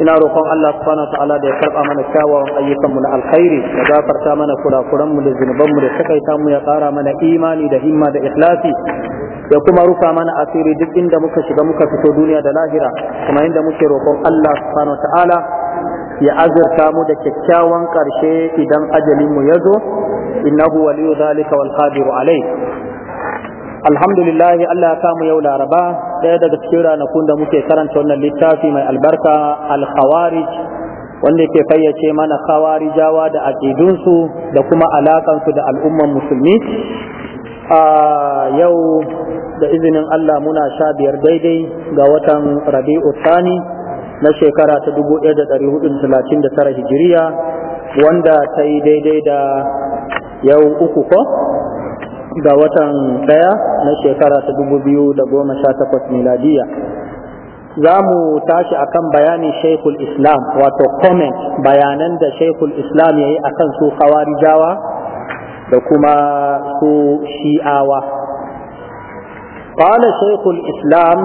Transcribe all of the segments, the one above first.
ina roƙon Allah subhanahu wa ta'ala da ya karɓa mana kyawawan ayyukanmu na alkhairi ya gafarta mana mu da zunubanmu da takaita mu ya ƙara mana imani da himma da ikhlasi ya kuma rufa mana asiri duk inda muka shiga muka fito duniya da lahira kuma inda muke roƙon Allah subhanahu wa ta'ala ya azurta mu da kyakkyawan ƙarshe idan ajalin mu ya zo innahu waliyu zalika wal qadiru alayh alhamdulillah Allah ya samu yau laraba ɗaya daga cikin ranaku da muke karanta wannan littafi mai albarka al-khawarij wanda ke fayyace mana khawarijawa da aƙidunsu da kuma alakansu da al'umman musulmi a yau da izinin Allah muna sha biyar daidai ga watan rabi'u Sani na shekara ta 1439 hijiriya wanda ta yi daidai da yau uku ko ga watan ɗaya na shekara ta dubu biyu da goma sha takwas miladiya za mu tashi akan bayani shaikul islam wato comment bayanan da shaikul islam ya yi akan su khawarijawa da kuma su shi'awa قال شيخ الإسلام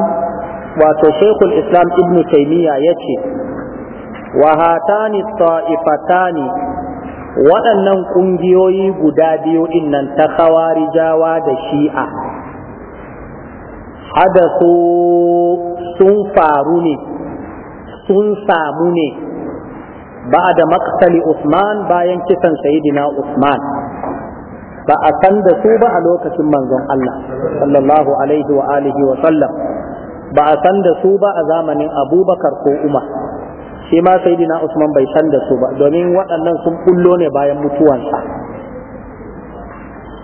wato shekul islam ibn taimiyya ya ce wa hatani waɗannan ƙungiyoyi guda biyu innan ta jawa da shi'a hadasu sun faru ne sun samu ne ba da maktali Usman bayan kisan sayidina Usman ba a san da su ba a lokacin manzon Allah sallallahu alaihi wa alihi wa sallam ba a san da su ba a zamanin abubakar ko umar shi ma sayyidina Usman bai san da su ba domin waɗannan sun kullo ne bayan mutuwansa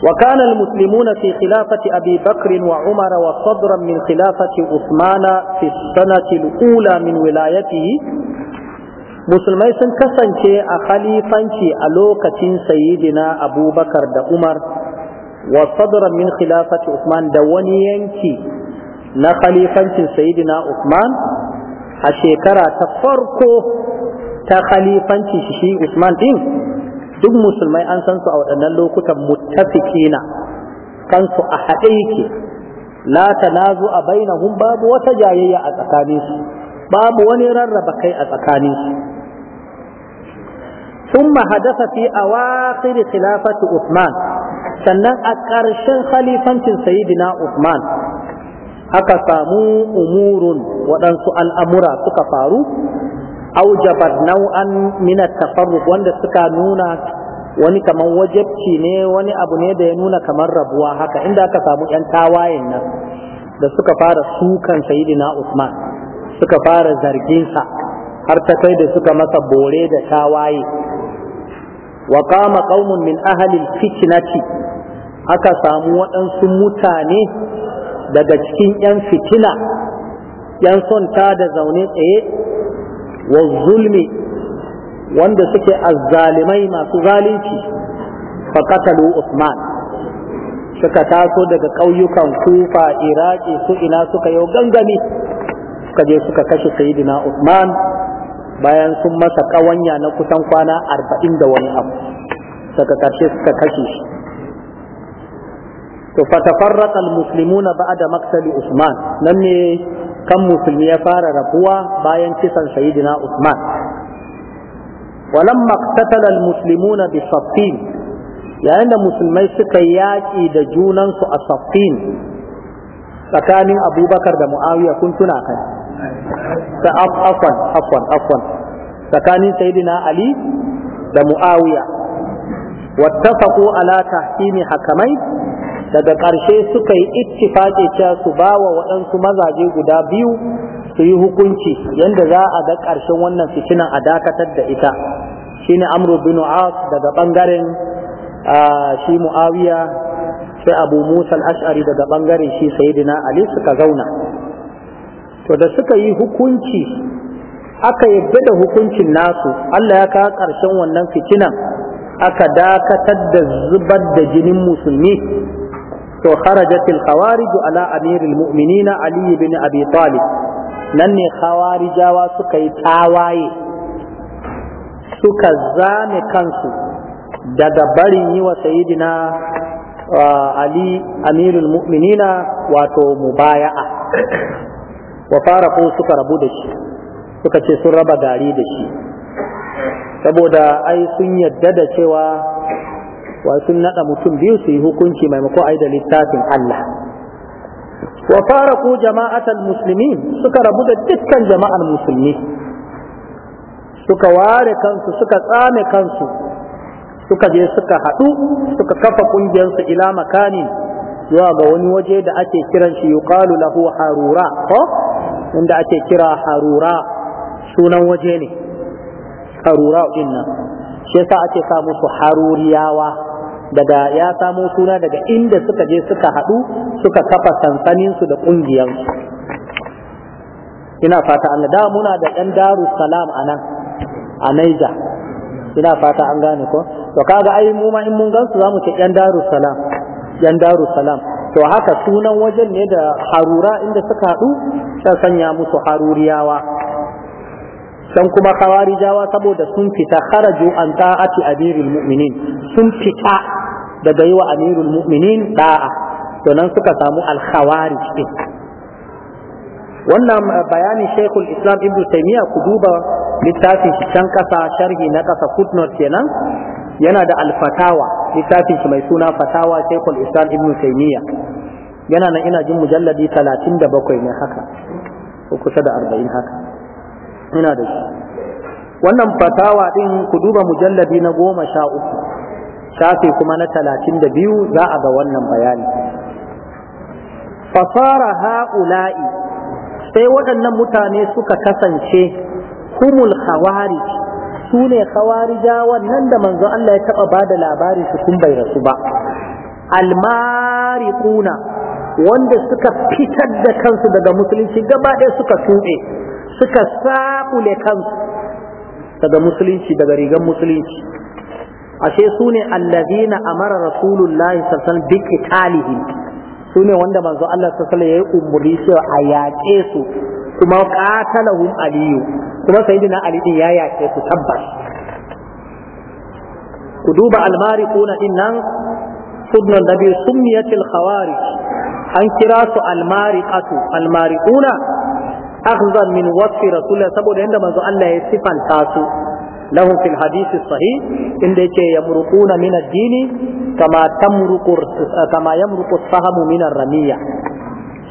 وكان المسلمون في خلافة أبي بكر وعمر وصدرا من خلافة عثمان في السنة الأولى من ولايته musulmai sun kasance a khalifanci a lokacin sayyidina abubakar da umar wa sadran min khilafati usman da wani yanki na khalifancin sayyidina usman a shekara ta farko ta khalifanci shi Usman din duk musulmai an san su a waɗannan lokutan muttafiqina kansu a haɗe yake la tanazu a bainahum babu wata jayayya a tsakaninsu babu wani rarraba kai a tsakaninsu ثم حدث a أواخر Khilafatu Usman sannan a ƙarshen khalifancin sayyidina Uthman aka samu umurun waɗansu al'amura suka faru Aujabar nau'an minat tafarruq wanda suka nuna wani kamar wajebci ne wani abu ne da ya nuna kamar rabuwa haka inda aka samu 'yan tawayen nan da suka fara sukan sayidina Usman suka fara zarginsa har ta kai da suka masa bore da tawaye wa qama qaumun min ahli fitnati aka samu waɗansu mutane daga cikin 'yan fitina 'yan son ta da zaune tsaye wa zulmi wanda suke azzalimai masu zalunci faƙatalu usman suka taso daga ƙauyukan kufa iraki su ina suka yau gangami suka je suka kashe sayidina usman bayan sun masa ƙawanya na kusan kwana arba'in da wani abu suka karshe suka kashe shi to fatafarraqa almuslimuna ba'da maqtali Usman nan ne kan musulmi ya fara rabuwa bayan kisan sayyidina Usman walamma iqtatala almuslimuna bi Saffin yayin da musulmai suka yaƙi da junansu a Saffin tsakanin Abubakar da Muawiya kun tuna kai ta afwan afwan afwan tsakanin sayyidina Ali da Muawiya wattafaqu ala tahkimi hakamai daga ƙarshe suka yi ittifaƙi cewa su ba wa waɗansu mazaje guda biyu su yi hukunci yadda za a ga ƙarshen wannan fitinan a dakatar da ita Shi ne amru bin as daga ɓangaren shi mu'awiya sai abu musa al daga ɓangaren shi sayyidina ali suka zauna to da suka yi hukunci aka yadda da hukuncin nasu Allah ya kawo ƙarshen wannan fitinan aka dakatar da zubar da jinin musulmi to kharajatil khawarij ala amiril mu'minin ali ibn abi talib nan ne khawarijawa suka yi tawaye suka zame kansu daga barin yi wa sayidina ali amirul mu'minin wato mubaya'a wa fara suka rabu da shi suka ce sun raba gari da shi saboda ai sun yadda da cewa wa sun mutum biyu su yi hukunci maimako yi da littafin Allah wa ku jama'atar musulmi suka rabu da dukkan jama'ar musulmi suka ware kansu suka tsame kansu suka je suka haɗu suka kafa ƙungiyarsu ila makani zuwa ga wani waje da ake kiran shi yuqalu lahu harura ko inda ake kira harura sunan waje ne harura din nan shi yasa ake sa musu haruriyawa daga ya samo suna daga inda suka je suka haɗu suka kafa sansaninsu da ƙungiyarsu ina fata Allah da muna da ɗan darussalam a nan a Naija ina fata an gane ko to kaga ai mu ma in mun gansu zamu ce ɗan darussalam ɗan darussalam to haka sunan wajen ne da harura inda suka haɗu sai sanya musu haruriyawa dan kuma kawari jawa saboda sun fita kharaju an ta'ati amiril mu'minin sun fita daga yi wa amirul mu'minin da'a to nan suka samu alkhawari din wannan eh, bayanin shaykhul islam ibn taymiya ku duba littafin shi can kasa sharhi na kasa footnote kenan yana da alfatawa littafin shi mai suna fatawa shaykhul islam ibn taymiya yana nan ina jin mujalladi 37 ne haka ko kusa da 40 haka ina da shi wannan fatawa din ku duba mujalladi na goma sha uku shafi kuma na talatin da biyu za a ga wannan bayani fasara ha'ula'i sai waɗannan mutane suka kasance humul hawari su ne khawarija wannan da manzo Allah ya taɓa ba da labari su kun bai rasu ba almariquna wanda suka fitar da kansu daga musulunci gaba ɗaya suka tuɓe suka saƙule kansu daga musulunci daga rigar musulunci ashe su ne allazina amara rasulullahi sallallahu bi qitalihim su ne wanda manzo Allah sallallahu alaihi wasallam ya umurni cewa a yaƙe su kuma qatalahum aliyu kuma sayyidina ali din ya yaƙe su tabbas ku duba almariquna din nan sudna nabi summiyatil khawarij an kira su almariqatu almariquna akhzan min wasfi rasulullah saboda yanda manzo Allah ya sifanta su lahum fil hadisi sahih inda yake yamruquna min ad-dini kama tamruqu kama yamruqu sahamu min ar-ramiya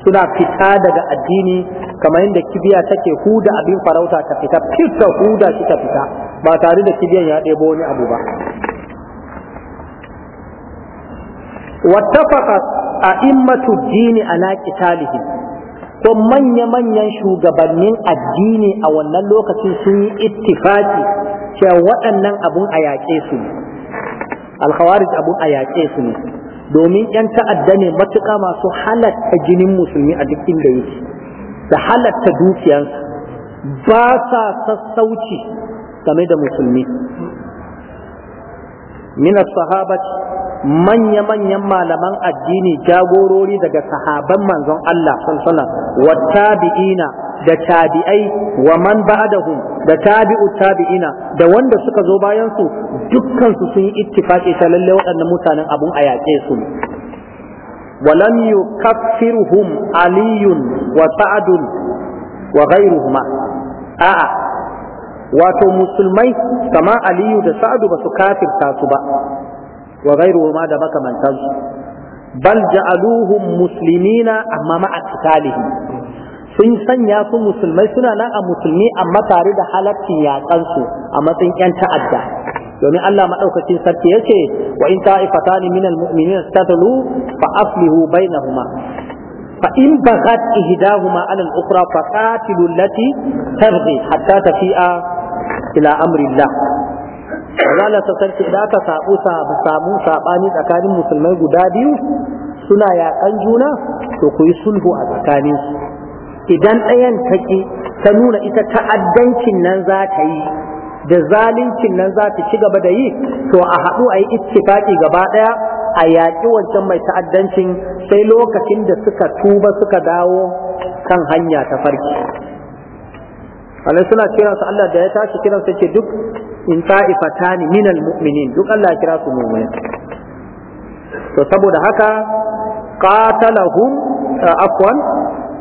suna fita daga addini kamar yadda kibiya take huda abin farauta ta fita fita huda shi ta fita ba tare da kibiyan ya ɗebo wani abu ba a a'immatu dini ala talihi ko manya-manyan shugabannin addini a wannan lokacin sun yi ittifaki cewa waɗannan abun a yaƙe su ne alkhawarij abun a yaƙe su ne domin yan ta'adda ne matuƙa masu halatta jinin musulmi a duk inda yake da halatta dukiyansu ba sa sassauci game da musulmi Minas sahabati manya-manyan malaman addini jagorori daga sahaban manzon Allah sallallahu wa tabi'ina da tabi'ai wa man ba'dahum da tabi'u tabi'ina da wanda suka zo bayan su dukkan su sun yi ittifaqi ta lalle waɗannan mutanen abun a yaƙe su ولم يكفرهم علي وسعد وغيرهما a'a wato musulmai kama aliyu da sa'adu ba su kafirta su ba wa gairu ma da makamantansu bal ja'aluhum muslimina amma ma sun sanya su musulmai suna nan a musulmi amma tare da halaccin yaƙansu a matsayin 'yan ta'adda domin Allah maɗaukacin sarki ya ce wa in ta'ifatani minal mu'minin tatalu fa aslihu bainahuma fa in baghat ihdahuma ala al-ukhra fa qatilu allati tabghi hatta tafi'a ila amri Allah Allah ta sarki da aka sabu samu sabani tsakanin musulmai guda biyu suna yaƙan juna to ku yi sulhu a tsakaninsu idan ɗayan ta ta nuna ita ta'addancin nan za ta yi da zalincin nan za ta ci gaba da yi to a haɗu a yi ittifaki gaba ɗaya a yaƙi wancan mai ta'addancin sai lokacin da suka tuba suka dawo kan hanya ta farki Allah suna kiran su Allah da ya tashi kiran su ce duk in ta'ifatani minal mu'minin duk Allah ya kira su mu'min to saboda haka qatalahum eh, afwan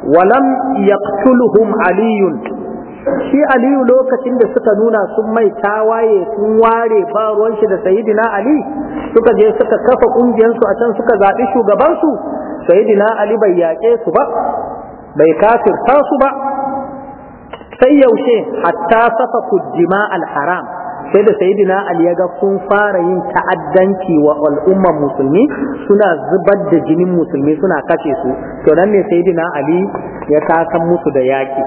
walam yaqtuluhum aliyun shi aliyu lokacin da suka nuna sun mai tawaye sun ware ba ruwan shi da sayyidina ali suka je suka kafa ƙungiyarsu a can suka zaɓi shugabansu sayyidina ali bai yaƙe su ba bai kafirta su ba sai yaushe hatta safa kujima al-haram sai da sayidina ali ya ga sun fara yin ta'addanci wa al'ummar musulmi suna zubar da jinin musulmi suna kashe su to nan ne sayidina ali ya kasan musu da yaki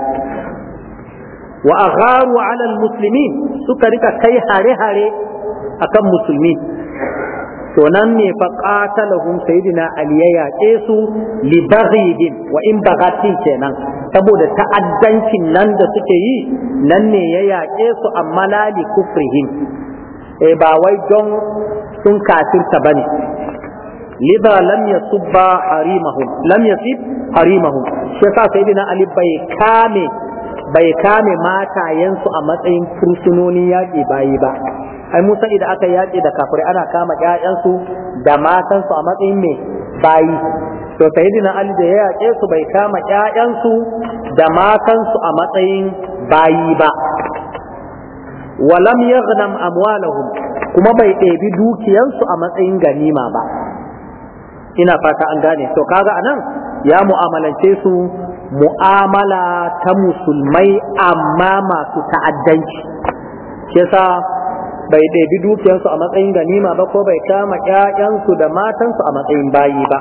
wa agharu ala almuslimin suka rika kai hare-hare akan musulmi to nan ne fa qatalahum sayyidina ali ya yaƙe su li baghidin wa in baghati kenan saboda ta'addancin nan da suke yi nan ne ya yaƙe su amma la li kufrihim e ba wai don sun kafirta bane lam yasubba harimahum lam yasib harimahum حريمهم شيخا sayyidina ali bai kame bai kame matayensu a matsayin fursunonin yaƙi bayi ba ai Musa, sani da aka yaƙi da kafirai ana kama ƴaƴansu da matansu a matsayin me bayi to sayyidina ali da ya yaƙe su bai kama ƴaƴansu da matansu a matsayin bayi ba walam yaghnam amwalahum kuma bai ɗebi dukiyansu a matsayin ganima ba ina fata an gane to kaga anan ya mu'amalance su mu'amala ta musulmai amma masu ta'addanci shi bai ɗebi dukiyarsu a matsayin ganima ba ko bai kama ƴaƴansu da matansu a matsayin bayi ba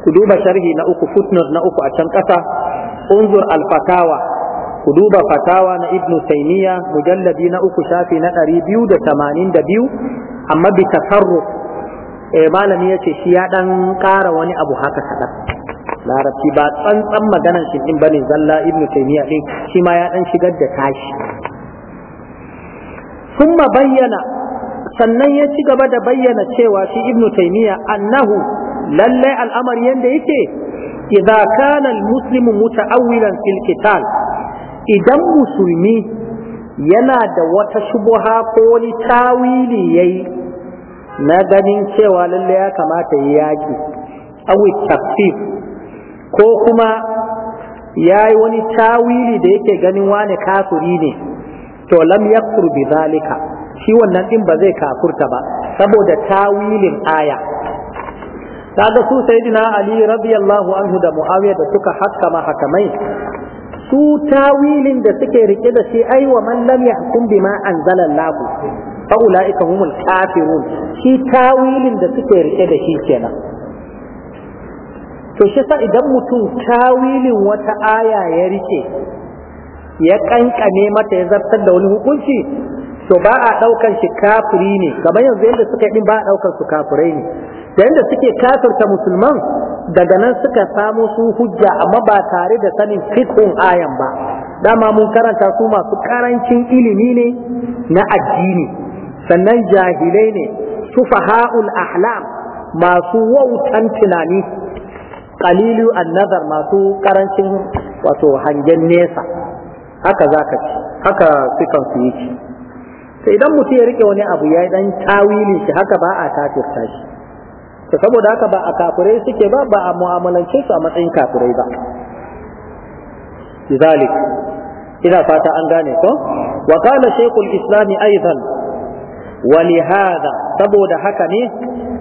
ku duba sharhi na uku footnote na uku a can ƙasa unzur al-fatawa ku duba fatawa na ibn taymiya mujalladi na uku shafi na ɗari biyu da tamanin da biyu amma bi tasarruf eh malami yace shi ya ɗan ƙara wani abu haka kaɗan larabci ba tsantsan maganar shi ɗin bane zalla ibn taymiya ɗin shi ma ya ɗan shigar da tashi ثم بين sannan ya ci gaba da bayyana cewa shi ibn taymiya annahu lallai al'amari da yake idza kana almuslimu muta'awwilan fil qital idan musulmi yana da wata shubuha ko wani tawili yayi na ganin cewa lallai ya kamata ya yaki awi tafsir ko kuma yayi wani tawili da yake ganin wane kafiri ne to lam yakfur bi zalika shi wannan din ba zai kafurta ba saboda tawilin aya kaga su sayyidina ali radiyallahu anhu da muawiya da suka hakkama hakamai su tawilin da suke rike da shi ai wa man lam yahkum bima anzala Allah fa ulaika humul kafirun shi tawilin da suke rike da shi kenan to shi sa idan mutum tawilin wata aya ya rike ya kankane mata ya zartar da wani hukunci to ba a ɗaukar shi kafiri ne kamar yanzu yadda suka yi ba a ɗaukar su kafirai ne da yadda suke kafirta musulman daga nan suka samu su hujja amma ba tare da sanin fiqhun ayan ba dama mun karanta su masu karancin ilimi ne na addini sannan jahilai ne sufaha'ul ahlam masu wautan tunani qalilu an-nazar masu karancin wato hangen nesa haka za ka ci haka sukan su yi ci to idan mutum ya rike wani abu ya yi dan tawili shi haka ba a kafirta shi to saboda haka ba a kafirai suke ba ba a mu'amalance su a matsayin kafirai ba لذلك إذا فات أن ذلك وقال شيخ الإسلام أيضا ولهذا سبود حكني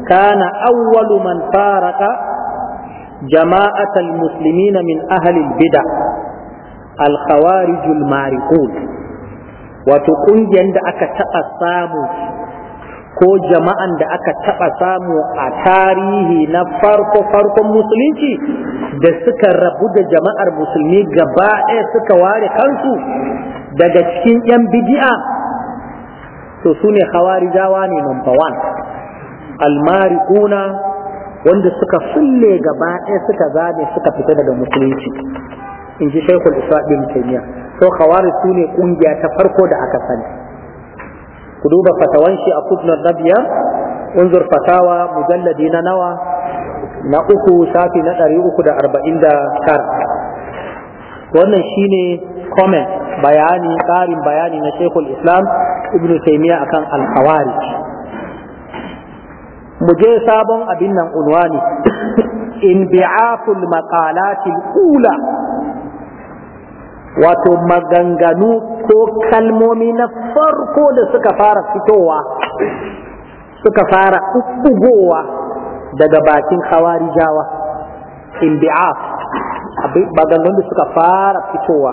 كان أول من فارق جماعة المسلمين من أهل البدع alkhawarijul mariqun wato ƙungiyar da aka taɓa samu ko jama'an da aka taɓa samu a tarihi na farko-farkon musulunci da suka rabu da jama'ar musulmi gaba ɗaya suka ware kansu daga cikin 'yan bidi'a to su ne hawarijawa ne number one almarikuna wanda suka fulle gaba ɗaya suka zane suka fita daga musulunci in ji shaikul isra ibn taymiya so khawari su ne kungiya ta farko da aka sani ku duba fatawan shi a kudnar nabiya unzur fatawa mujalladi na nawa na uku shafi na ɗari uku da arba'in da tara wannan shine comment bayani ƙarin bayani na shaikul islam ibn taymiya akan al-khawarij mu je sabon abin nan unwani in bi'aful maqalatil ula wato maganganu ko kalmomi na farko da suka fara fitowa suka fara ugugowa daga bakin jawa indi'af maganganu da suka fara fitowa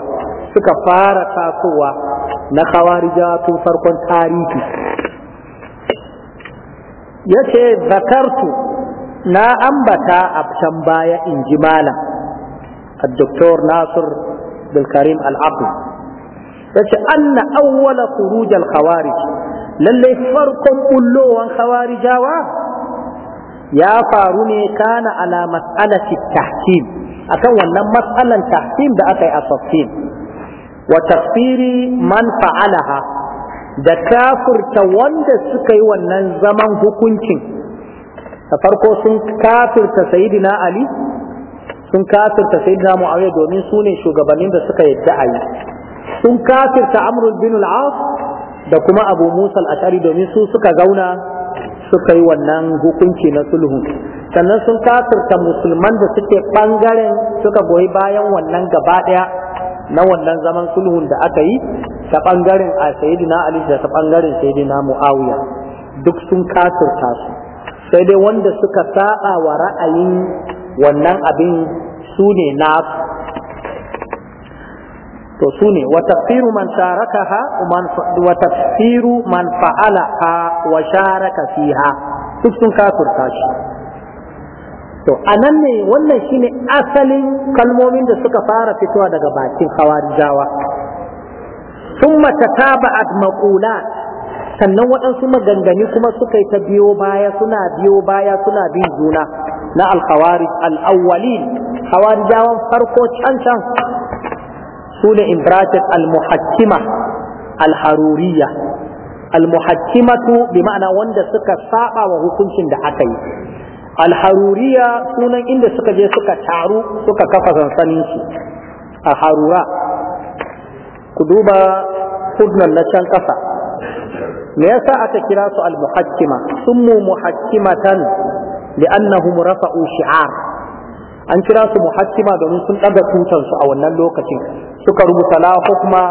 suka fara tasowa na jawa tun farkon tarihi ya ce zakartu na ambata a can baya in ji malam doktor ناصر bin karim al-aql yace anna awwala khuruj al-khawarij lalle farkon bullowan khawarijawa ya faru ne kana ala mas'alati tahkim akan wannan mas'alan tahkim da aka yi a tafsir wa takfiri man fa'alaha da kafirta wanda suka yi wannan zaman hukuncin da farko sun kafirta sayyidina ali sun kafirta saidina muawiya domin sune shugabannin da suka yadda a yi sun kafirta amru bin al-as da kuma abu musa al-ashari domin su suka zauna suka yi wannan hukunci na sulhu sannan sun kafirta musulman da suke bangaren suka goyi bayan wannan gaba daya na wannan zaman sulhun da aka yi ta bangaren a sayyidina ali da ta bangaren sayyidina muawiya duk sun kafirta su sai dai wanda suka saba wa ra'ayin wannan abin su ne na to su ne wa tafsiru man ha, wa tafsiru man fa'ala ha, wa sharaka fiha duk sun kafurta shi to anan ne wannan shine asalin kalmomin da suka fara fitowa daga bakin hawarijawa summa tataba'at maqulat sannan waɗansu maganganu kuma suka yi ta biyo baya suna biyo baya suna bin juna na alkhawarij al-awwalin khawarijawan farko can can su ne in bracket al-muhakkima al-haruriyya al-muhakkimatu bi ma'ana wanda suka saba wa hukuncin da aka yi al sunan inda suka je suka taru suka kafa sansanin a harura ku duba kudnan na can kasa me yasa aka kira su al-muhakkima summu muhakkimatan li'annahum rafa'u shi'ar an kira su muhassima domin sun daga tutan a wannan lokacin suka rubuta la hukma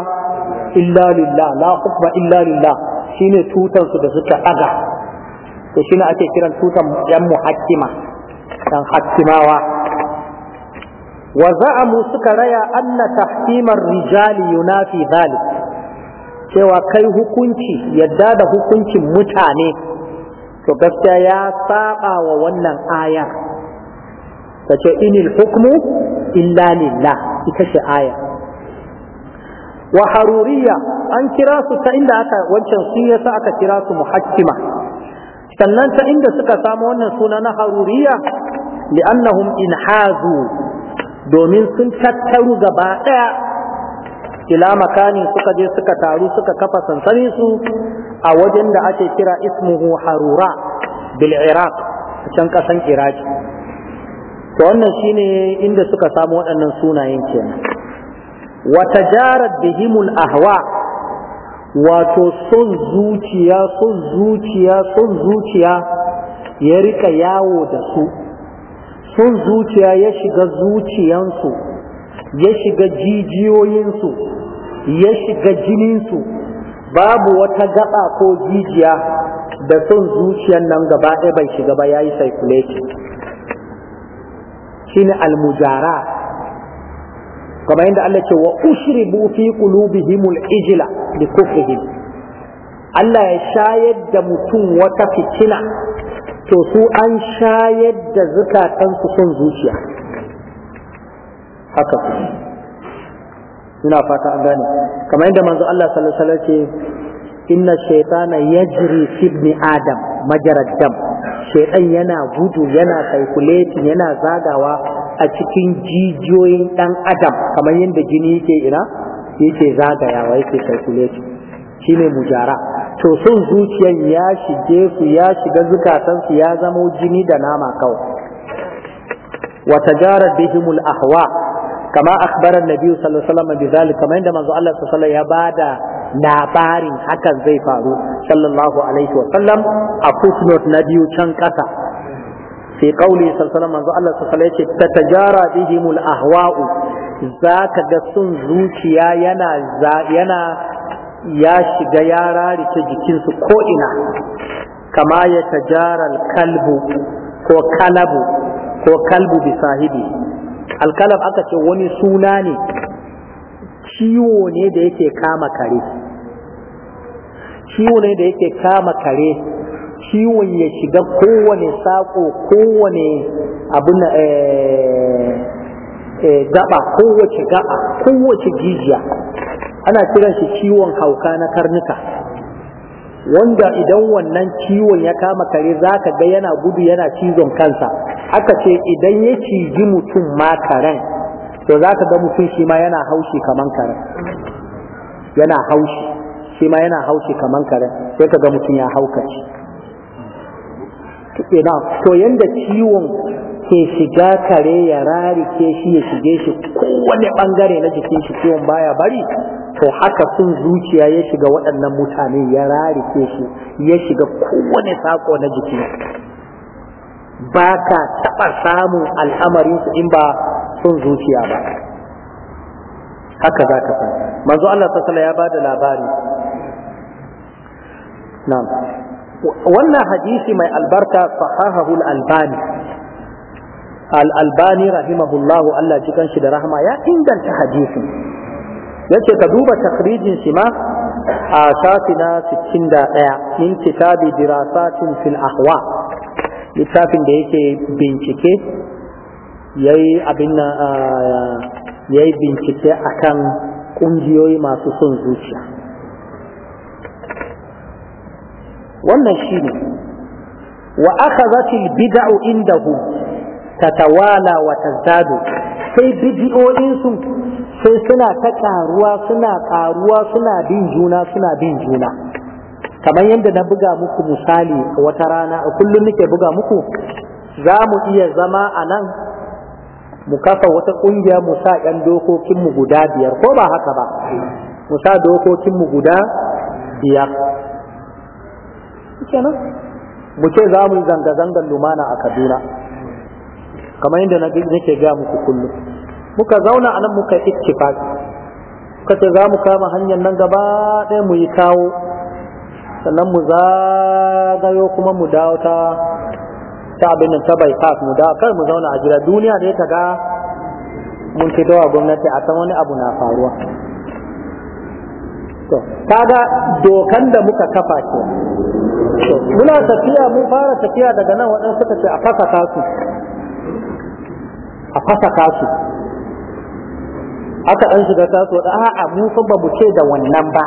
illa lillah la hukma illa lillah shine tutan su da suka daga to shine ake kiran tutan yan muhassima dan hakimawa wa suka raya anna tahkimar rijali yunafi cewa kai hukunci yadda da hukuncin mutane to gaskiya ya saba wa wannan aya ta ce inil hukmu illa lillah ita ce aya wa haruriya an kira su ta inda aka wancan su yasa aka kira su muhakkima sannan ta inda suka samu wannan suna na haruriya li'annahum inhazu domin sun tattaru gaba daya ila makani suka je suka taru suka kafa sansaninsu su a wajen da ake kira ismuhu harura bil iraq a can kasan iraki to wannan shine inda suka samu waɗannan sunayen kenan wata jarar bihimul ahwa wato son zuciya son zuciya son zuciya ya rika yawo da su sun zuciya ya shiga zuciyansu ya shiga jijiyoyinsu ya shiga jininsu babu wata gaba ko jijiya da son zuciyar nan gaba ɗaya bai shiga ba yayi yi circulation shi almujara kamar yadda Allah ce wa ushribu fi qulubihimul ijila, bi kufrihim Allah ya shayar da mutum wata fitina to su an shayar da zukatansu son zuciya haka kuma ina fata an gane kamar yadda manzo Allah sallallahu alaihi wasallam ce inna shaytana yajri fi ibn adam majarad dam shaytan yana gudu yana calculate yana zagawa a cikin jijiyoyin dan adam kamar yadda jini yake ina yake zagayawa yake calculate shine mujara to son zuciyan ya shige su ya shiga zukatansu ya zama jini da nama kawai wa tajarar bihimul ahwa kama akbaran nabi sallallahu alaihi wasallam bizalik kamar yadda manzo Allah sallallahu alaihi ya bada labarin hakan zai faru sallallahu alaihi wasallam a footnote na biyu can kasa sai qauli sallallahu alaihi wasallam manzo Allah ce ta yace tatajara bihimul ahwa'u zaka ga sun zuciya yana yana ya shiga ya rarike jikinsu ko ina kama ya tajarar kalbu ko kalabu ko kalbu bi sahibi alkalab aka ce wani suna ne ciwo ne da yake kama kare ciwo ne da yake kama kare ciwon ya shiga kowane sako kowane abin eh, eh, gaba kowace gaba kowace jijiya ana kiran shi ciwon hauka na karnuka wanda idan wannan ciwon ya kama kare za ka ga yana gudu yana cizon kansa aka ce idan ya ciji mutum ma karen to za ka ga mutum shi ma yana haushi kaman karen yana haushi shi ma yana haushi kaman karen sai ka ga mutum ya haukaci to yanda ciwon ke shiga kare ya rarike shi ya shige shi kowane bangare na jikin shi ciwon baya bari to haka sun zuciya ya shiga waɗannan mutane ya rarike shi ya shiga kowane sako na jiki ba ka taɓa samun al'amarin su in ba sun zuciya ba haka za ka san manzo Allah sassala ya ba da labari wannan hadisi mai albarka sahahahul al-albani al-albani rahimahullahu Allah cikan shi da rahama ya inganta hadisi yace ka duba takrijin shi ma a shafi na 61 in kitabi dirasatin fil ahwa littafin da yake bincike yayi abin yayi bincike akan kungiyoyi masu son zuciya wannan ne. wa akhadhat al inda indahum tatawala wa tazdadu sai bidiyoyin su sai suna ta karuwa suna karuwa suna bin juna suna bin juna kamar yadda na buga muku misali wata rana kullum nake buga muku za mu iya zama a nan mu kafa wata ƙungiya mu sa ƴan dokokinmu guda biyar ko ba haka ba mu sa dokokinmu guda biyar kenan mu ce za mu zanga-zangar lumana a kaduna kamar yadda na nake ga muku kullum muka zauna a nan muka ittifaqi muka ce za mu kama hanyar nan gaba ɗaya mu yi kawo sannan mu zagayo kuma mu dawo ta ta abin nan ta bypass mu dawo kar mu zauna a jira duniya da ta ga mun fito a gwamnati a san wani abu na faruwa to kaga dokan da muka kafa ke muna tafiya mun fara tafiya daga nan waɗansu suka ce a fasa kasu a fasaka su haka ɗan shiga ta da a'a mu fa ba mu ce da wannan ba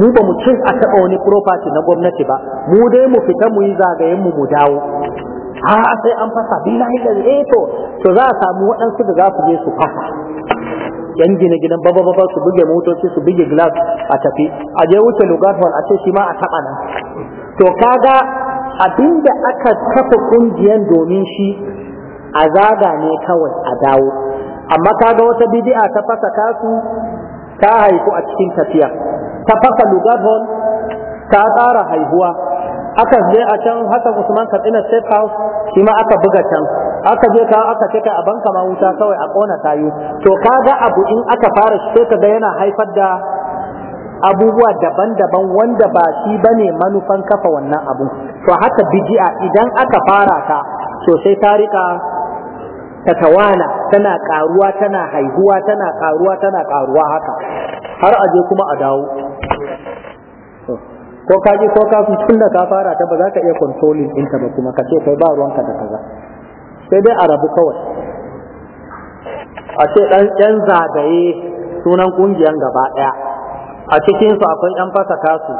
mu ba mu ce a taɓa wani property na gwamnati ba mu dai mu fita mu yi zagayen mu mu dawo a sai an fasa billahi da eh to to za a samu waɗansu da za su je su fasa yan gine-ginen baba baba su buge motoci su buge glass a tafi a je wuce lugar a ce shi ma a taɓa nan to kaga abinda aka kafa kungiyan domin shi a zaga ne kawai a dawo amma kaga wata bidi'a ta fasa kasu ta haiku a cikin tafiya ta fasa lugarhon ta tsara haihuwa aka je a can Hassan Usman Katsina State House shi ma aka buga can aka je kawo aka ce ka a banka ma wuta kawai a kona tayo to ka ga abu in aka fara shi sai kaga yana haifar da abubuwa daban-daban wanda ba shi ne manufan kafa wannan abu to haka bijiya idan aka fara ka to sai ta rika ta tawana tana karuwa tana haihuwa tana karuwa tana karuwa haka har a je kuma a dawo ko ka ji ko ka tun da ka fara ta ba za ka iya controlling ɗinta ba kuma ka ce kai ba ruwanka da kaza sai dai a rabu kawai a ce ɗan ƴan zagaye sunan ƙungiyar gaba ɗaya a cikinsu akwai ƴan fasa kasu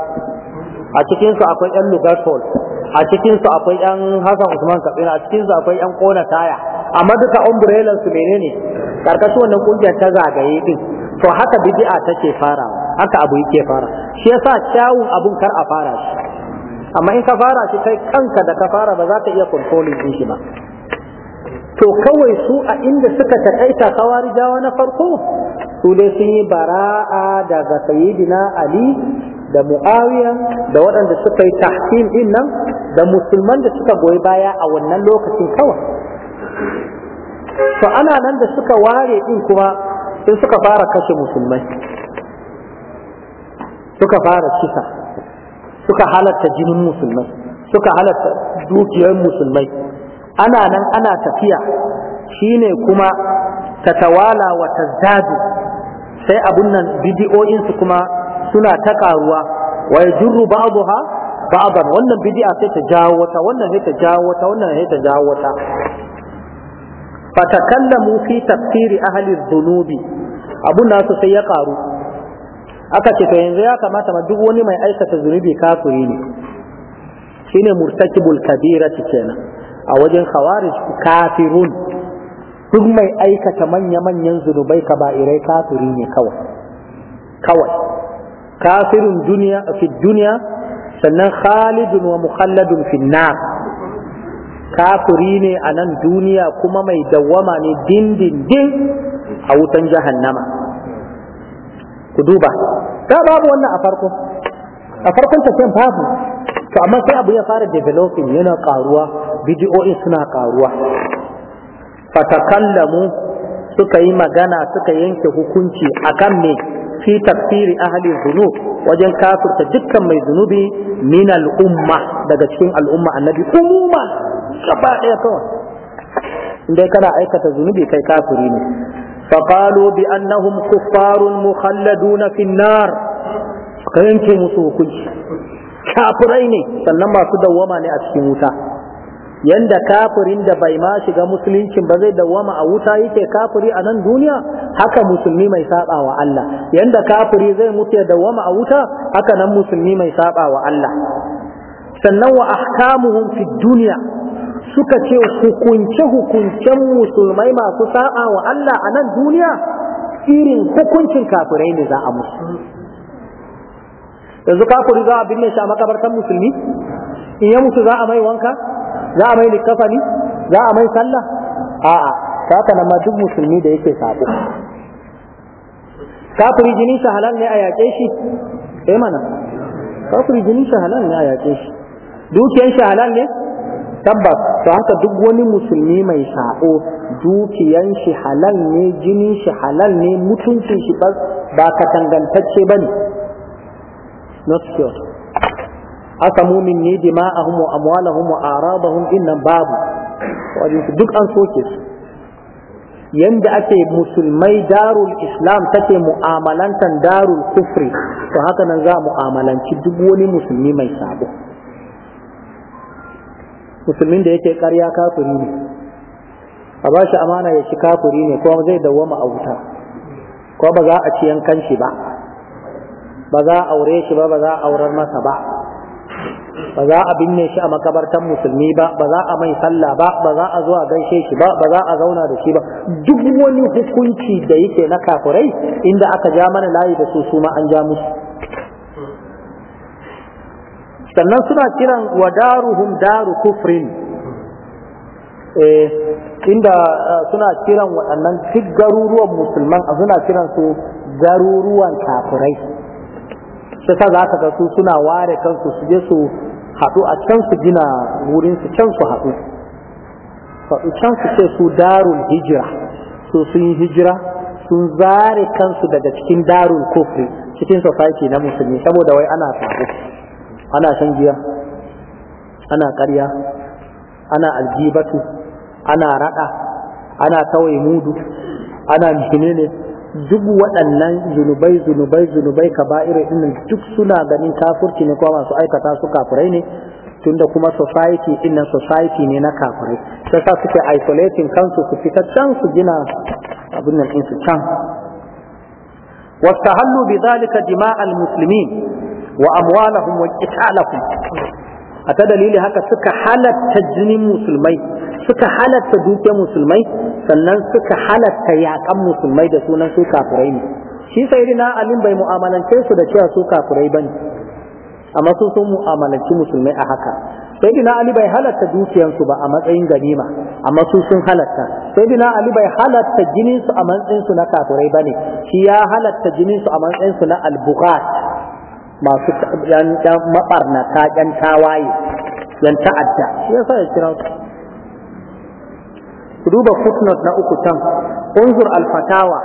a cikinsu akwai ƴan lugar a cikinsu akwai ƴan hassan usman katsina a cikinsu akwai ƴan ƙona taya amma duka umbrellan su menene karkashin wannan kungiyar ta zagaye din to haka bid'a take farawa haka abu yake fara shi yasa kyawun abun kar a fara shi amma in ka fara shi kai kanka da ka fara ba za ka iya controlling din shi ba to kawai su a inda suka takaita kawarijawa na farko su dai sun yi bara'a daga sayyidina ali da mu'awiya da waɗanda suka yi tahkim din nan da musulman da suka goyi baya a wannan lokacin kawai to ana nan da suka ware din kuma sai suka fara kashe musulmai suka fara kisa suka halatta jinin musulmai suka halatta dukiyar musulmai ana nan ana tafiya shine kuma ta tawala wa tazadu sai abun nan su kuma suna ta karuwa wa yajurru ba'daha ba'dan wannan bidi'a sai ta jawo wata wannan sai ta jawo wata wannan sai ta jawo wata fatakallamu fi tafsiri ahli dhunubi abun nasu sai ya karu aka ce to yanzu ya kamata ma duk wani mai aikata zunubi kafiri ne shine murtakibul kabirati kenan a wajen khawarij kafirun duk mai aikata manya manyan zunubai kaba'irai kafiri ne kawai kawai kafirun duniya fi duniya sannan khalidun wa mukhalladun fi nar kafiri ne a nan duniya kuma mai dawwama ne dindindin a wutan jahannama ku duba ta babu wannan a farko a farkon tafiyan babu to amma sai abu ya fara developing yana karuwa bidiyoyin suna karuwa fatakallamu suka yi magana suka yanke hukunci akan me fi tafsiri ahalin zunub wajen kafirta dukkan mai zunubi min al'umma daga cikin al'umma annabi umuma gaba ɗaya kawai indai kana aikata zunubi kai kafiri ne Fafalobi بأنهم كفار مخلدون na النار yanke musu hukunci kafirai ne sannan masu dawwama ne a cikin wuta yanda kafirin da bai ma shiga musuluncin ba zai dawwama a wuta yake kafiri a nan duniya haka musulmi mai saba wa Allah yanda kafiri zai mutu ya dawwama a wuta haka nan musulmi mai saba wa Allah sannan wa ahkamuhum fid duniya suka ce hukunce-hukuncen musulmai masu sa'a wa Allah a nan duniya irin hukuncin kafirai ne za a musu. Yanzu kafiri za a binne shi a makabartan musulmi? In ya mutu za a mai wanka? Za a mai likafani? Za a mai sallah? A'a, haka nan ma duk musulmi da yake sabo. Kafiri jini shi halal ne a yaƙe shi? Eh mana, kafiri jini shi halal ne a yaƙe shi. Dukiyan shi halal ne? tabbas to haka duk wani musulmi mai sa'o dukiyan shi halal ne jinin shi halal ne mutuncin shi bas, ba katangantacce ba ne not sure aka mumin ne dima'ahum wa amwalahum wa aradahum innan babu duk an soke su yanda ake musulmai darul islam take mu'amalantan darul kufri to haka nan za mu'amalanci duk wani musulmi mai sabo musulmin da yake ƙarya kafiri ne a ba shi amana ya shi kafiri ne kuma zai dawwama a wuta ko ba za a ci yankan shi ba ba za a aure shi ba ba za a aurar masa ba ba za a binne shi a makabartan musulmi ba ba za a mai sallah ba ba za a zuwa gaishe shi ba ba za a zauna da shi ba duk wani hukunci da yake na kafirai inda aka ja mana layi da su suma an ja musu sannan suna kiran wa daruhum daru kufrin eh inda eh, suna kiran waɗannan duk garuruwan musulman a suna kiran su garuruwan kafirai shi ta za ka ga su suna ware kansu su je su haɗu a can su gina wurin su can su haɗu faɗi can su ce su darul hijira su sun yi hijira sun zare kansu daga cikin darul kufri cikin society na musulmi saboda wai ana faɗi ana shan ana ƙarya ana aljibatu ana raɗa ana tawaye mudu ana menene duk waɗannan zunubai zunubai zunubai ka ba'irin ina duk suna ganin kafurci ne kuma masu aikata su kafurai ne tunda kuma society ina nan society ne na kafurai sai sa suke isolating kansu su fita can su gina abin nan su can wastahallu bi zalika jima'al muslimin wa amwalahum wa qitalahum a ta dalili haka suka halatta jinin musulmai suka halatta dukiyar musulmai sannan suka halatta yakan musulmai da sunan su kafirai ne shi sayyidina alim bai mu'amalance su da cewa su kafirai bane amma su sun mu'amalanci musulmai a haka sayyidina ali bai halatta dukiyansu ba a matsayin ganima amma su sun halatta sayyidina ali bai halatta jinin su a matsayin su na kafirai bane shi ya halatta jinin su a matsayin su na albughat masu yan mabarnata yan tawaye yan ta'adda shi yasa ya kira ku duba footnote na uku can unzur al-fatawa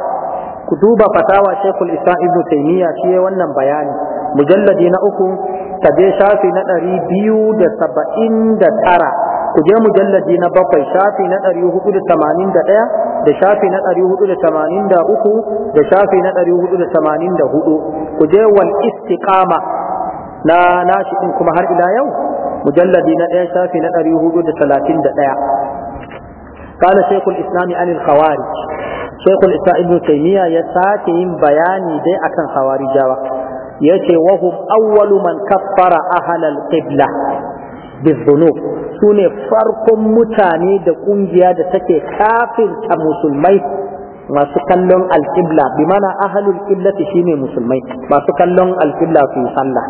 ku duba fatawa shekul islam ibn taymiya shi wannan bayani mujalladi na uku je shafi na ɗari biyu da saba'in da tara ku je mujalladi na bakwai shafi na ɗari hudu da tamanin da ɗaya da shafi na ɗari hudu da tamanin da uku da shafi na ɗari hudu da tamanin da hudu ku je wal istiqama na nashi ɗin kuma har ila yau mujalladi na ɗaya shafi na ɗari hudu da talatin da ɗaya قال شيخ الإسلام عن الخوارج شيخ الإسلام ابن تيمية يساتهم بياني دي أكن خوارجاوة يتي وهم أول من كفر أهل القبلة bizunub sune farkon mutane da kungiya da take ta musulmai masu kallon alƙibla bi mana ahalul ƙiblati shine musulmai masu kallon alƙibla su sallah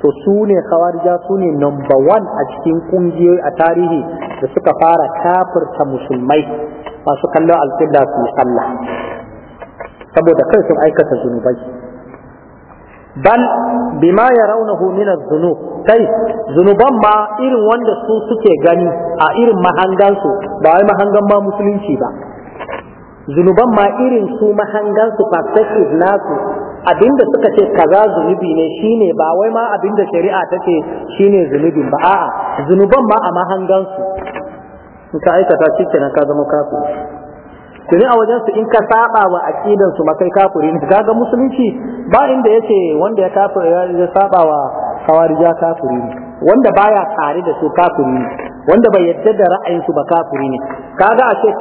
to sune ne khawarija sune number one a cikin kungiyoyi a tarihi da suka fara kafirta musulmai masu kallon alƙibla su sallah saboda kai sun aikata zunubai bal bima yarawnahu min az-zunub kai zunuban ma irin wanda su suke gani a irin mahangan su ba wai mahangan ma musulunci ba zunuban ma irin su mahangan su perspective nasu abinda suka ce kaza zunubi ne shine ba wai ma abinda shari'a ta ce shine zunubi ba a'a zunuban ma a mahangan su in ka aikata shi kenan ka zama tuni a wajen su in ka saba wa aqidan su makai kafiri ne kaga musulunci ba inda yace wanda ya kafir ya saba wa kawarija kafiri ne wanda baya tare da su kafiri ne wanda bai yadda da ra'ayin su ba kafiri ne kaga a ce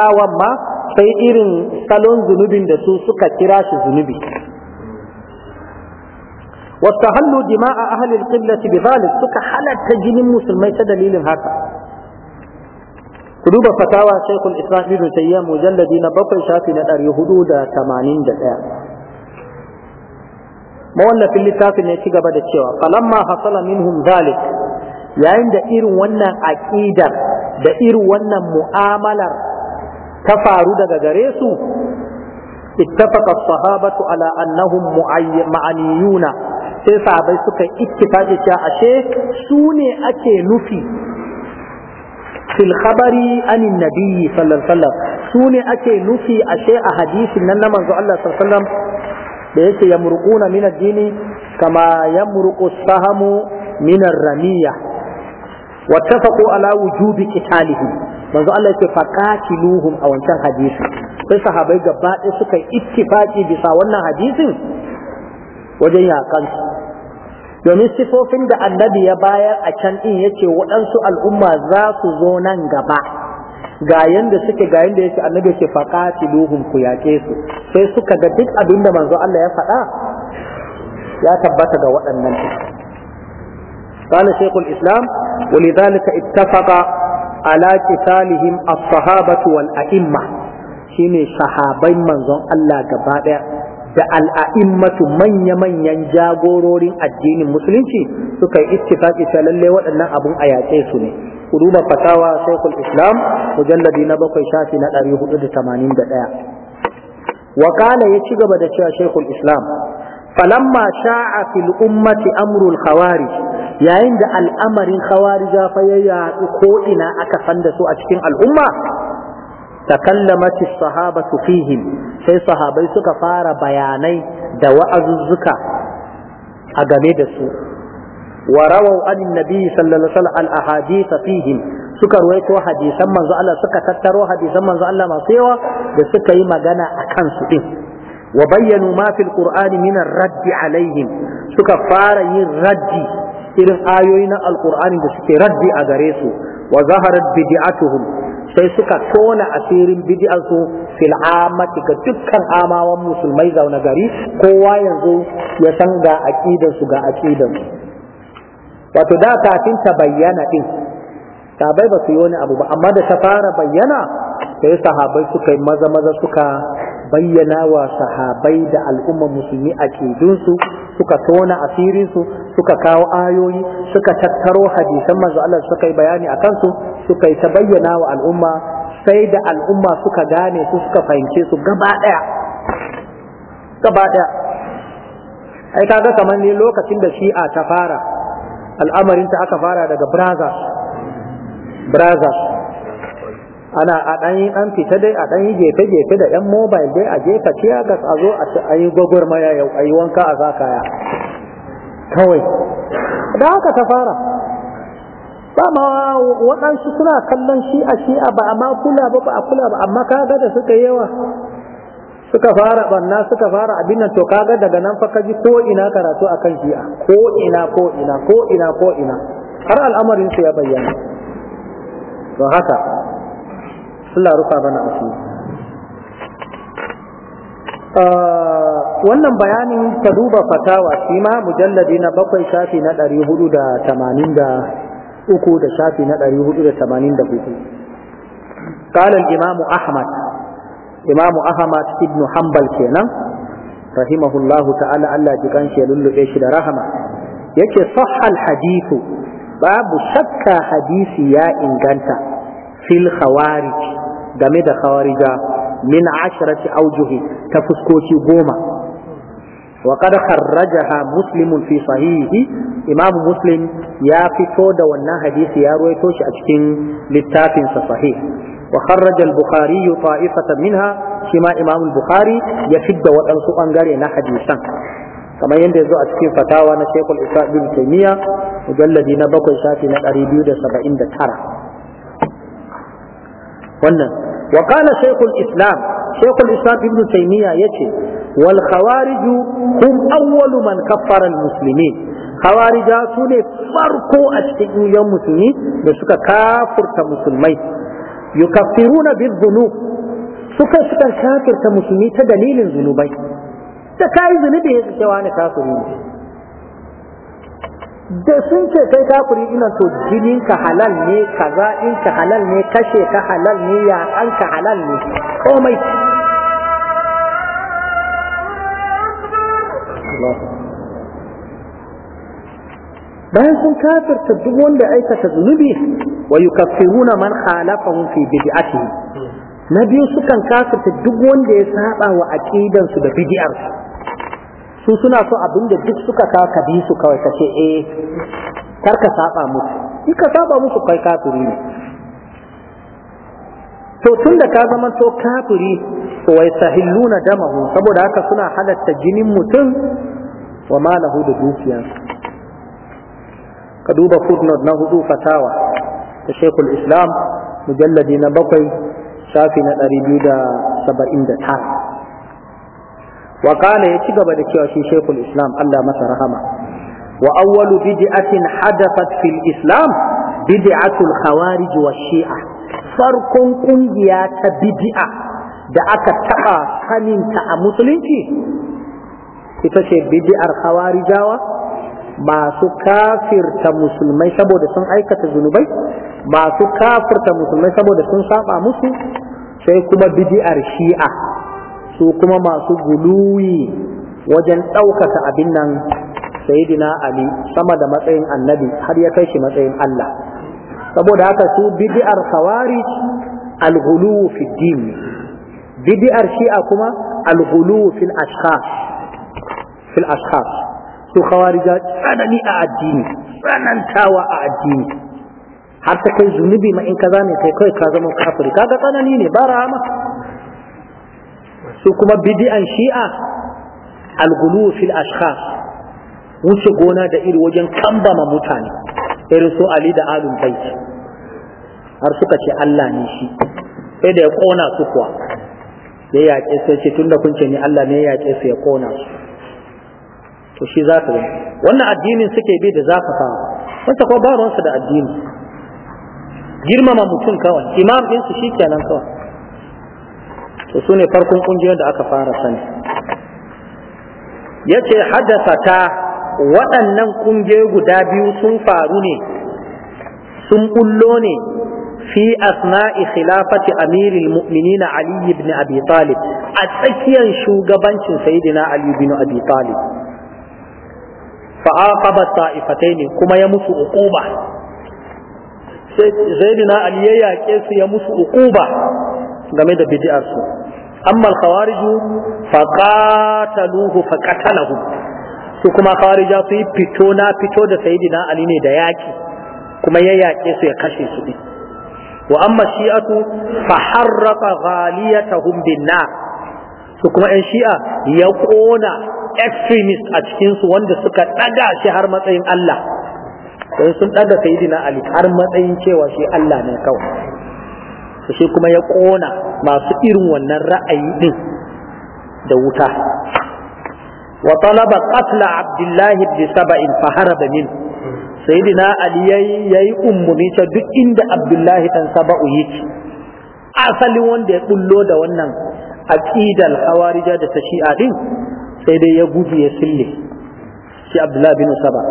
tawan ma sai irin salon zunubin da su suka kira shi zunubi tahallu dima'a ahli al-qibla bi suka halatta jinin musulmai ta dalilin haka ku duba fatawa shaykhul islam ibn tayyib mujalladi na bakwai shafi na ɗari hudu da tamanin da ɗaya mawallafin littafin ne ci gaba da cewa falamma hasala minhum zalik yayin da irin wannan aqidar da irin wannan mu'amalar ta faru daga gare su اتفق الصحابة على أنهم معنيون sai sahabai suka ittifaqi cewa ashe su ne ake nufi fil khabari anin nabiyyi sallallahu alaihi wasallam su ne ake nufi ashe a hadisin nan na manzo Allah sallallahu alaihi wasallam da yake yamruquna min ad-dini kama yamruqu sahamu min ar-ramiya wattafaqu ala wujubi qitalihi manzo Allah yake faqatiluhum a wancan hadisi sai sahabai gaba ɗaya suka yi ittifaqi bisa wannan hadisin wajen yakan su domin sifofin da annabi ya bayar a can in yace waɗansu al'umma za su zo nan gaba ga yadda suke ga yanda yake annabi yake faqatiluhum ku yaƙe su sai suka ga duk abin da manzo Allah ya faɗa ya tabbata ga waɗannan قال شيخ الإسلام ولذلك اتفق على قتالهم الصحابة والأئمة shine sahabai manzon Allah gaba ɗaya da al'a'immatu manya-manyan jagororin addinin musulunci suka yi ittifaqi ta lalle waɗannan abun a yaƙe su ne ku fatawa shaykhul islam mujalladi na bakwai shafi na ɗari hudu da tamanin da ɗaya wakala ya ci gaba da cewa shaykhul islam falamma sha'a fil ummati amrul khawarij yayin da al'amarin Khawari ya yaɗu ko ina aka san da su a cikin al'umma تكلمت الصحابة فيهم sai sahabai suka fara bayanai da wa'azuka a game da su wa rawau an nabi sallallahu alaihi wasallam al-ahadith fihim suka ruwaito hadisan manzo Allah suka tattaro hadisan manzo Allah masu yawa da suka yi magana a kansu din wa bayyanu ma fil qur'ani min ar-radd alaihim suka fara yin raddi irin ayoyi na alqur'ani da suke raddi a gare su wa zaharat bid'atuhum sai suka tona asirin bidiyarsu fil amati ga dukkan amawan musulmai zaune gari kowa yanzu ya san ga aƙidarsu su ga aƙidarsu wato da kafin ta bayyana din Ta bai ba su yi wani abu ba amma da ta fara bayyana sai sahabai suka yi maza maza suka bayyana wa sahabai da al'umma musulmi a su suka tona asirinsu suka kawo ayoyi suka tattaro hadisan manzo Allah suka yi bayani a kansu suka yi ta wa al'umma sai da al'umma suka gane su suka fahimce su gaba daya gaba daya ai kaga kamar ne lokacin da shi'a ta fara al'amarin ta aka fara daga brothers brothers ana a ɗan yi ɗan fita dai a ɗan yi gefe-gefe da ɗan mobile dai a jefa tiyagas a zo a yi gwagwarmaya yau a yi wanka a zakaya kawai da haka ta fara ba ma waɗansu suna kallon shi a ba a ma kula ba ba a kula ba amma ka ga da suka yawa suka fara banna suka fara abin nan to kaga daga nan fa kaji ko ina karatu akan shi'a ko ina ko ina ko ina ko ina har al'amarin su ya bayyana to haka Allah rufa bana asiri ah, wannan bayanin ka duba fatawa shi ma mujalladi na bakwai shafi na ɗari hudu da tamanin da uku da shafi na ɗari hudu da tamanin da hudu قال الإمام أحمد إمام أحمد ابن حنبل ta'ala, Allah الله kan ألا جكان شيلل إيش رحمة يكي صح الحديث باب شك حديث يا إنجنت في الخوارج game da khawarija min asharati aujuhi ta fuskoki goma wa qad kharrajaha muslimun fi sahihi imam muslim ya fito da wannan hadisi ya ruwaito shi a cikin littafin sa sahih wa al-bukhari ta'ifatan minha shi ma imam al-bukhari ya fidda waɗansu bangare na hadisan kamar yadda ya zo a cikin fatawa na Sheikhul Isa bin Taymiyyah mujalladi na bakwai shafi na ɗari biyu da saba'in da tara wannan wa qala shaykhul islam shaykhul islam ibn taymiya yace wal khawarij hum awwalu man kaffara al muslimin khawarija su ne farko a cikin yuyan musulmi da suka kafurta musulmai yukaffiruna bil dhunub suka suka kafirta musulmi ta dalilin zunubai da kai zunubi ya cewa ne kafiri ne da sun ce kai kafiri ina to jininka halal ne kaza in ka halal ne kashe ka halal ne ya an ka halal ne komai bayan sun kafirta duk wanda aikata zunubi wa yukaffiruna man khalafahum fi bid'atihi na biyu sukan kafirta duk wanda ya saba wa aqidansu da bid'arsu su suna so abin da duk suka ka ka bi su kawai ka ce eh kar ka saba musu in ka saba musu kai kafiri ne to tun da ka zama to kafiri wai sahilluna damahu saboda haka suna halatta jinin mutum wa malahu da dukiyarsa ka duba footnote na hudu fatawa ta shekul islam mujalladi na bakwai shafi na ɗari biyu da saba'in da tara wa ya ci gaba da cewa shi shaykhul islam Allah masa rahama wa awwalu bid'atin hadathat fil islam bid'atul hawariji wa shi'a farkon ƙungiya ta bid'a da aka taba saninta a musulunci ita ce bid'ar hawarijawa masu kafirta musulmai saboda sun aikata zunubai masu kafirta musulmai saboda sun saba musu sai kuma bid'ar shi'a su kuma masu guluwi wajen ɗaukaka abin nan sayidina ali sama da matsayin annabi har ya kai shi matsayin Allah saboda haka su bid'ar khawarij al-ghulu fi din bid'ar shi'a kuma al-ghulu fil ashkhas fil ashkhas su khawarija tsanani a addini tsanantawa a addini har ta kai zunubi ma in ka zame kai kai ka zama kafiri kaga tsanani ne ba rahama su kuma bidi'an shi'a algulu fil ashkhas wuce gona da iri wajen kambama mutane irin su ali da alun bait har suka ce Allah ne shi sai da ya kona su kuwa ya yaƙe sai ce tunda kun ce ni Allah ne ya yaƙe su ya kona su to shi za ka wannan addinin suke bi da zafafawa wanda kuma ba ruwansa da addini girmama mutum kawai imam ɗinsu shi kenan kawai to su ne farkon ƙungiyoyin da aka fara sani ya ce haddasa ta waɗannan ƙungiyoyi guda biyu sun faru ne sun ɓullo ne fi asna'i khilafati amiril mu'minina ali ibn abi talib a tsakiyar shugabancin sayyidina ali ibn abi talib fa'aqaba ta'ifataini kuma ya musu uquba sai sayyidina ali ya yaƙe su ya musu uquba game da bid'ar su amma al-khawarij fa qataluhu fa qatalahu su kuma khawarija su yi fito na fito da sayyidina ali ne da yaki kuma ya yake su ya kashe su ne wa amma shi'atu fa harraqa ghaliyatahum bin su kuma yan shi'a ya kona extremist a cikin su wanda suka ɗaga shi har matsayin Allah don sun ɗaga sayyidina ali har matsayin cewa shi Allah ne kawai to kuma ya ƙona masu irin wannan ra'ayi ɗin da wuta wa talaba qatla abdullahi ibn saba'in fa haraba min sayyidina ali yayi ummuni ta duk inda abdullahi dan saba'u yake asalin wanda ya bullo da wannan aqidal hawarija da ta shi'a din sai dai ya gudu ya sille shi abdullahi bin saba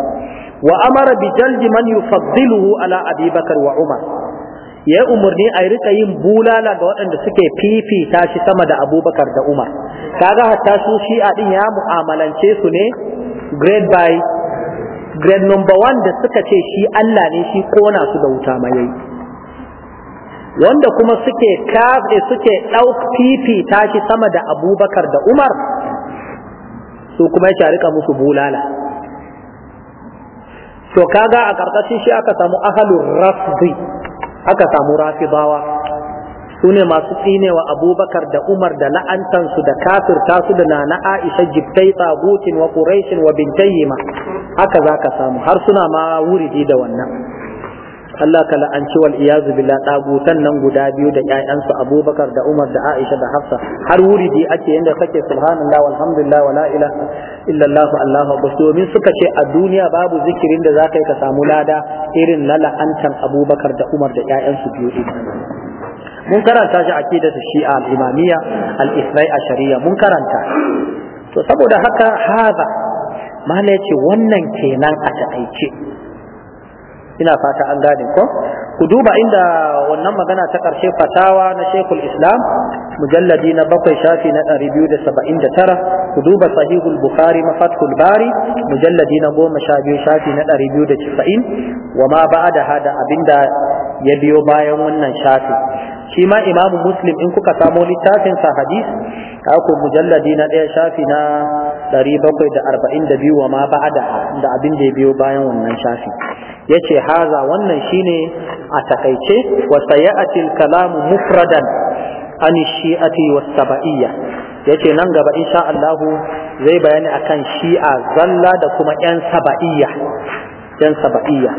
wa amara bi jaldi man yufaddiluhu ala abi bakar wa umar ya umarni a rika yin bulala ga waɗanda suke fifita shi sama da abubakar da umar kaga hatta su a ɗin ya mu'amalance su ne grade by grade number one da suka ce shi allah ne shi kona su da wuta mai yayi wanda kuma suke kafe suke ɗauk fifita shi sama da abubakar da umar su kuma ya rika musu bulala to kaga a ƙarƙashin shi aka samu ahalun rafzi aka samu rafidawa su ne masu tsinewa abubakar da umar da la'antansu da kafirta su da nana aisha jiftai tsagutin wa ƙuraishin wa bintayima haka za ka samu har suna ma wuridi da wannan Allah ka la'anci wal iyazu billah dagutan nan guda biyu da ƴaƴansu Abubakar da Umar da Aisha da Hafsa har wuridi ake yanda kake subhanallah walhamdulillah wala ilaha illallah Allahu akbar domin suka ce a duniya babu zikirin da zaka yi ka samu lada irin na la'antan Abubakar da Umar da ƴaƴansu biyu mun karanta shi aqidatu shi'a al-imamiyya al-ithna'i shari'a. mun karanta to saboda haka hada, mala yace wannan kenan a takaice ina fata an gane ko ku duba inda wannan magana ta ƙarshe fatawa na shekul islam mujalladi na bakwai shafi na ɗari biyu da saba'in da tara ku duba sahihul bukhari mafatul bari mujalladi na goma sha biyu shafi na ɗari biyu da casa'in wa ma ba da hada abinda ya biyo bayan wannan shafi shi ma imamu muslim in kuka samo littafin sa hadis ku mujalladi na ɗaya shafi na ɗari bakwai da arba'in da biyu wa ma ba da abin da ya biyo bayan wannan shafi yace haza wannan shine a takaice wa sayati al-kalamu mufradan an shi'ati was saba'iyya yace nan gaba insha Allah zai bayani akan shi'a zalla da kuma yan saba'iyya yan saba'iyya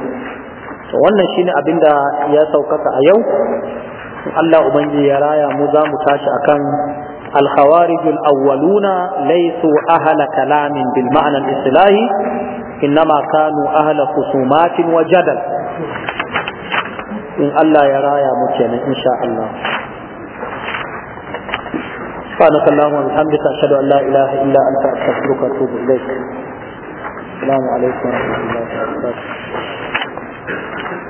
to wannan shine abinda ya saukaka a yau Allah ubangiji ya raya mu za mu tashi akan الخوارج الأولون ليسوا أهل كلام بالمعنى الإصلاحي innama kanu ahla khusumatin wa jadal in Allah ya raya mu kenan insha Allah سبحانك اللهم وبحمدك أشهد أن لا إله إلا أنت أستغفرك وأتوب إليك السلام عليكم ورحمة الله وبركاته